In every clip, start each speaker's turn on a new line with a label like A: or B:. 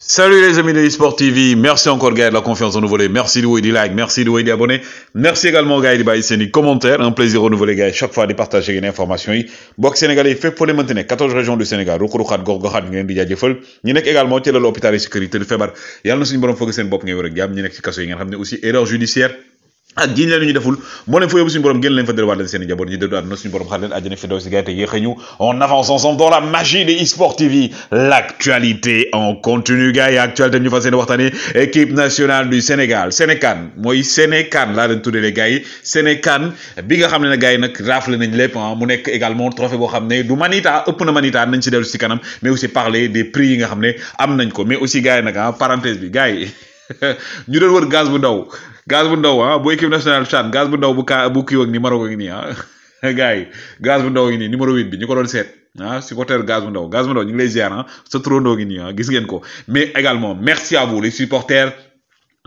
A: Salut les amis de eSport TV, merci encore gars de la confiance voler, merci de vous et de like, merci de vous et merci également gars de baisser commentaires, un plaisir les gars. chaque fois de partager une information yi bokk fait pour les maintenir. 14 régions du Sénégal ruqu-ruqaat gox également ci l'hôpital hôpital yi sécurité du Fébar, yàlla na suñu borom fëgg seen bopp ngay wér ak jàmm ñu ci yi aussi erreur judiciaire ak jiñ leen ñu deful moo leen fa yóbbu suñu borom gën leen fa delluwaat leen seen i njaboot ñu dëddu àdduna suñu borom xaar leen àjjana fi daw ci gars yi te on avance ensemble dans la magie de e-sport TV l'actualité en continu gars yi actualité ñu fa seen waxtaanee équipe nationale du Sénégal Sénécan moy Sénécan la leen tuddee gars yi Sénécan bi nga xam ne ne gars yi nag raafle nañ lépp ah mu nekk également trophée bo xam du Manita ëpp na Manita nañ ci dellu ci kanam mais aussi parler des prix yi nga xam am nañ ko mais aussi gars yi nag ah parenthèse bi gars yi ñu doon wër gaz bu ndaw gaz bu ndaw ah bu équipe nationale Tchad gaz bu ndaw bu kaa bu kii ak ni Maroc ak nii ah gars yi bu ndaw gi nii numéro 8 bi ñu ko doon seet ah supporter gaz bu ndaw gaz bu ndaw ñu ngi lay ziar ah sa turandoo gi nii ah, gis ngeen ko mais également merci à vous les supporters.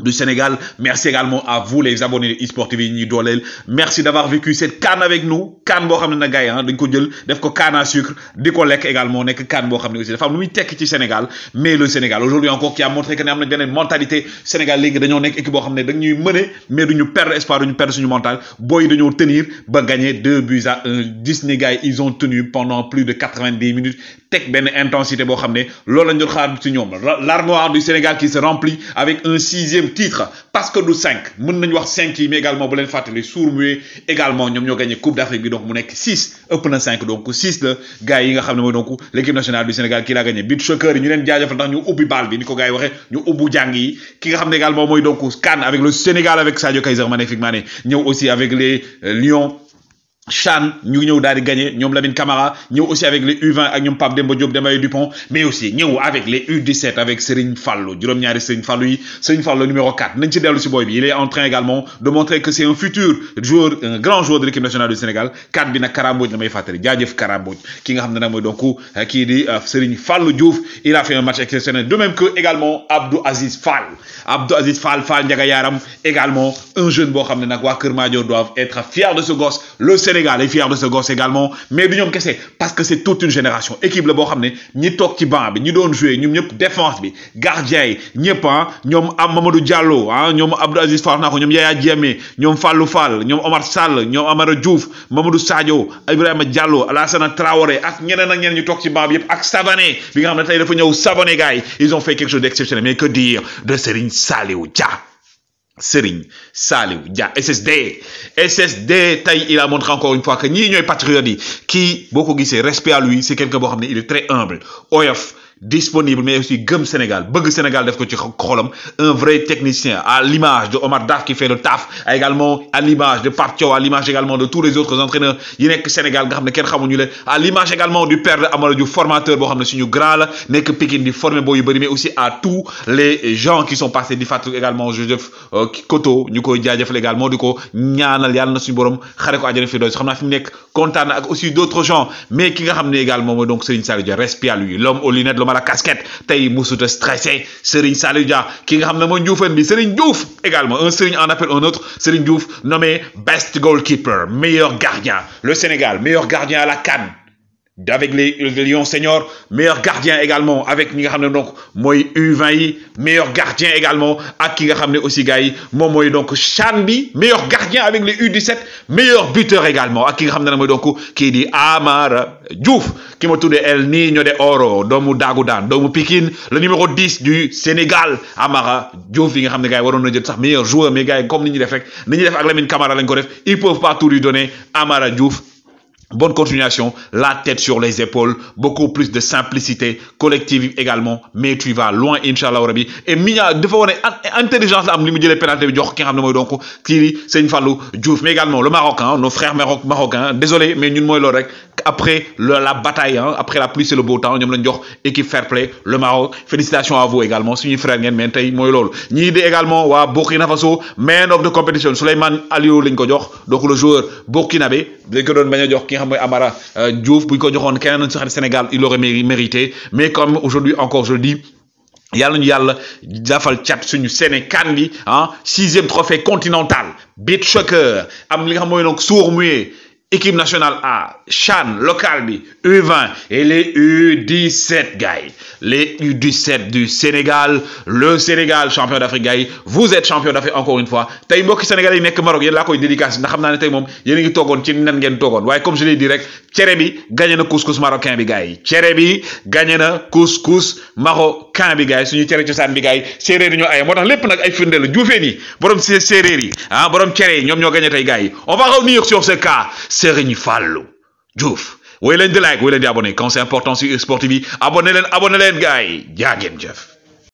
A: du Sénégal. Merci également à vous les abonnés de eSport TV merci d'avoir vécu cette canne avec nous canne bo xamné na gars hein, dañ ko jël canne à sucre diko lek également nek CAN bo xamné aussi dafa am lu muy Sénégal mais le Sénégal aujourd'hui encore qui a montré que ne am une mentalité Sénégal légui dañu nek équipe qui xamné ne dañ ñuy mëne mais duñu perdre espoir duñu perdre suñu mental de nous tenir ba gagner deux buts à un Disney guy ils ont tenu pendant plus de 90 minutes tek ben intensité bo l'armoire du Sénégal qui se remplit avec un sixième titre parce que du cinq mën nañ wax mais également bu également ñom gagné coupe d'Afrique donc mu nekk six ëpp donc six le gars yi donc l'équipe nationale du Sénégal qui la gagné ñu nous ndax ñu ubbi sommes également donc avec le Sénégal avec Sadio Kaiser magnifique mané aussi avec les euh, Lions Chan nous avons gagné nous avons gagné ñoom Lamine aussi avec les U20 ak avons Pape Demba Diop Dupont mais aussi avec les U17 avec Serigne Fallou Serine Fallou Fallou numéro 4 nañ il est en train également de montrer que c'est un futur joueur un grand joueur de l'équipe nationale du Sénégal 4 bi Fallou il a fait un match exceptionnel de même que également Abdou Aziz Fall Abdou Aziz Fall Fall Ndiaga Yaram également un jeune qui qui doivent être fier de ce gosse le Sénégal est fier de ce gosse également mais qu'est-ce que c'est parce que c'est toute une génération équipe le boo ni ñi ni ci banc bi défense bi gardien yi ñëpp ni ah, Diallo ni ah, Abdou Aziz Yaya ni Fallou Fall Omar Sall ñoom Amara Diouf Mamadou Sadio Ibrahim Diallo Alassane Traoré ak ñeneen ak ñu Tok ci ak Savané bi ils ont fait quelque chose d'exceptionnel mais que dire de Sering, Salut Dia SSD SSD taille. il a montré encore une fois que ni ñooy patriotes Qui Beaucoup qui respect à lui c'est quelqu'un qui il est très humble Oyeuf disponible mais aussi gëm Sénégal bëgg Sénégal def ko ci xolam un vrai technicien à l'image de Omar Daf qui fait le taf également à l'image de Pape à l'image également de tous les autres entraîneurs yi nek Sénégal nga xam kenn xamuñu le à l'image également du père de du formateur bo xam suñu grand la nek Pikine di former boo yu bari mais aussi à tous les gens qui sont passés di également Joseph euh, Koto ñu koy également di ñaanal yalla na suñu borom xare ko àjjana fi xamna fi ak aussi d'autres gens mais ki nga également donc donc Serigne salle de respect à lui l'homme aux lunettes la casquette mousse de stressé Serigne une Dia ki nga xam mo mooy bi Serigne Diouf également un Serigne en appelle un autre Serigne Diouf nommé best goalkeeper meilleur gardien le Sénégal meilleur gardien à la CAN avec les lion seniors meilleur gardien également avec ñi nga donc Moy U20 meilleur gardien également ak ki nga aussi gars yi donc CHAN meilleur gardien avec les U17 meilleur buteur également ak ki nga donc qui di Amara Diouf qui ma tuddee El Niño de Oro Domu dagoudan Domu Pikin, Pikine le numéro 10 du Sénégal Amara Diouf yi nga xam ne gars yi waroon na sax meilleur joueur mais gars yi comme ni ñu def rek ni ñu def ils peuvent pas tout lui donner Amara Diouf Bonne continuation, la tête sur les épaules, beaucoup plus de simplicité, collective également, mais tu vas loin Inch'Allah rabbi. Et miya dafa woné intelligence am limu jëlé penalty bi jox ki xamné moy donc Seigne Fallou mais également le marocain, hein, nos frères marocains, désolé mais nous moy lool après la bataille hein, après la pluie c'est le beau temps ñom lañ équipe fair play le Maroc félicitations à vous également suñu frère ngeen mais tay moy lool ñi di également wa Burkina Faso man of the competition Souleymane Aliou lañ donc le joueur burkinabé lañ que doon baña jox xam mooy Amara euh, Diouf bu ko joxoon keneen si xarit Sénégal il aurait mérité mais comme aujourd'hui encore je le dis yàlla ñu yàlla dafal cat suñu Sénégal bi ah hein, sixième trophée continental bit soccer am li nga xam mooy donc sourd équipe nationale A, Chan, local U20 et les U17 guys. Les U17 du Sénégal, le Sénégal champion d'Afrique guys. Vous êtes champion d'Afrique encore une fois. Tay mbokk Sénégal yi que Maroc il laa koy dédicace ndax xam naa ne tey a ngi toogoon ci comme je l'ai dit rek gagne bi gagné na couscous marocain bi gars gagne le couscous marocain camp bi gaay suñu cere cosaan bi gaay séeréer yi ñoo aye moo tax lépp nag ay firnde la juufeen yi séeréer yi ah borom cere yi ñoom ñoo gañe tey gaay yi on va revenir sur ce cas Serigne Fallou Diouf woy leen di like woy leen di abonné quand c'est important sur yi abonné leen abonné leen gaay jaa ngeen jëf